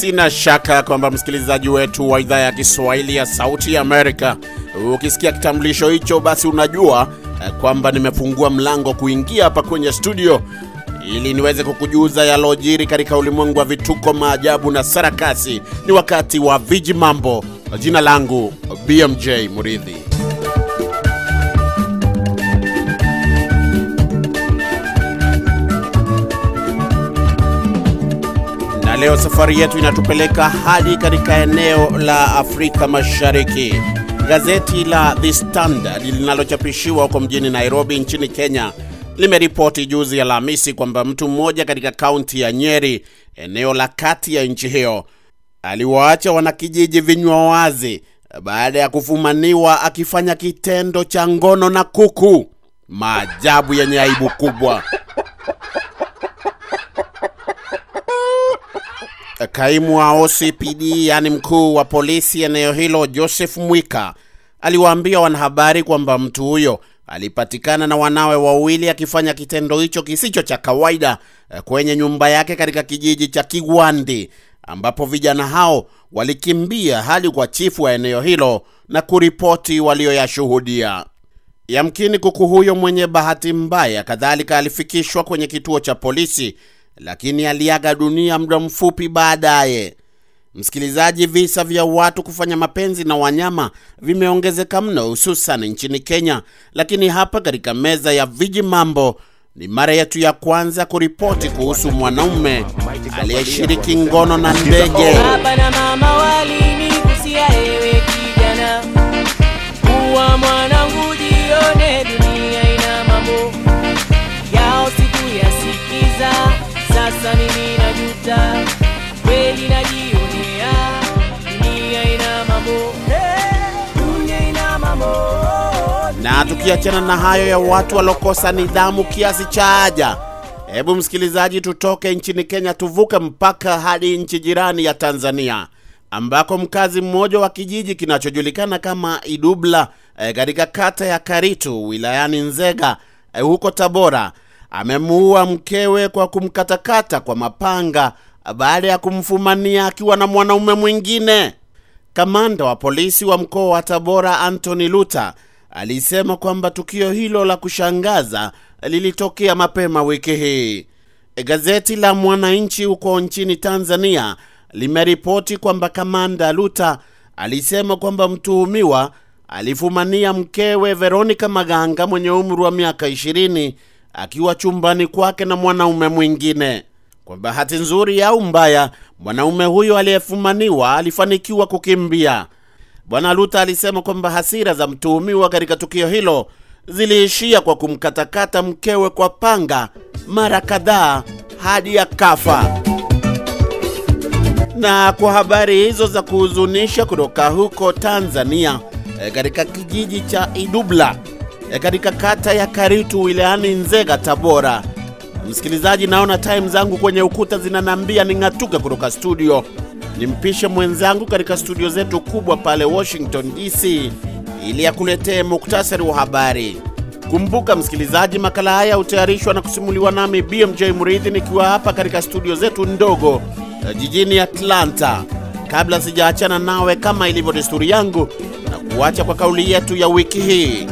Sina shaka kwamba msikilizaji wetu wa idhaa ya Kiswahili ya Sauti Amerika, ukisikia kitambulisho hicho, basi unajua eh, kwamba nimefungua mlango kuingia hapa kwenye studio ili niweze kukujuza yalojiri katika ulimwengu wa vituko, maajabu na sarakasi. Ni wakati wa viji mambo. Jina langu BMJ Muridhi. leo safari yetu inatupeleka hadi katika eneo la Afrika Mashariki. Gazeti la The Standard linalochapishiwa huko mjini Nairobi nchini Kenya limeripoti juzi Alhamisi kwamba mtu mmoja katika kaunti ya Nyeri, eneo la kati ya nchi hiyo, aliwaacha wanakijiji vinywa wazi baada ya kufumaniwa akifanya kitendo cha ngono na kuku. Maajabu yenye aibu kubwa. Kaimu wa OCPD yaani mkuu wa polisi eneo hilo Joseph Mwika aliwaambia wanahabari kwamba mtu huyo alipatikana na wanawe wawili akifanya kitendo hicho kisicho cha kawaida eh, kwenye nyumba yake katika kijiji cha Kigwandi ambapo vijana hao walikimbia hadi kwa chifu wa eneo hilo na kuripoti walioyashuhudia. Yamkini kuku huyo mwenye bahati mbaya kadhalika alifikishwa kwenye kituo cha polisi lakini aliaga dunia muda mfupi baadaye. Msikilizaji, visa vya watu kufanya mapenzi na wanyama vimeongezeka mno, hususan nchini Kenya, lakini hapa katika meza ya viji mambo ni mara yetu ya kwanza kuripoti kuhusu mwanaume aliyeshiriki ngono na ndege. Baba na mama walini kusia ewe kupita kweli najionea dunia ina mambo dunia ina mambo na tukiachana na hayo ya watu walokosa nidhamu kiasi cha haja hebu msikilizaji tutoke nchini Kenya tuvuke mpaka hadi nchi jirani ya Tanzania ambako mkazi mmoja wa kijiji kinachojulikana kama Idubla eh, katika e, kata ya Karitu wilayani Nzega e, huko Tabora amemuua mkewe kwa kumkatakata kwa mapanga baada ya kumfumania akiwa na mwanaume mwingine. Kamanda wa polisi wa mkoa wa Tabora antony Luta alisema kwamba tukio hilo la kushangaza lilitokea mapema wiki hii. Gazeti la Mwananchi huko nchini Tanzania limeripoti kwamba Kamanda Luta alisema kwamba mtuhumiwa alifumania mkewe Veronica Maganga mwenye umri wa miaka 20 akiwa chumbani kwake na mwanaume mwingine. Kwa bahati nzuri au mbaya, mwanaume huyo aliyefumaniwa alifanikiwa kukimbia. Bwana Luta alisema kwamba hasira za mtuhumiwa katika tukio hilo ziliishia kwa kumkatakata mkewe kwa panga mara kadhaa hadi ya kafa Na kwa habari hizo za kuhuzunisha kutoka huko Tanzania, eh, katika kijiji cha Idubla E, katika kata ya Karitu wilayani Nzega, Tabora. Msikilizaji, naona time zangu kwenye ukuta zinanambia ning'atuke kutoka studio, nimpishe mwenzangu katika studio zetu kubwa pale Washington DC ili akuletee muktasari wa habari. Kumbuka msikilizaji, makala haya hutayarishwa na kusimuliwa nami BMJ Murithi nikiwa hapa katika studio zetu ndogo e, jijini Atlanta. Kabla sijaachana nawe, kama ilivyo desturi yangu, na kuacha kwa kauli yetu ya wiki hii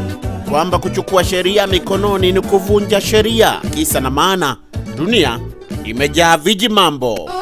kwamba kuchukua sheria mikononi ni kuvunja sheria. Kisa na maana, dunia imejaa viji mambo.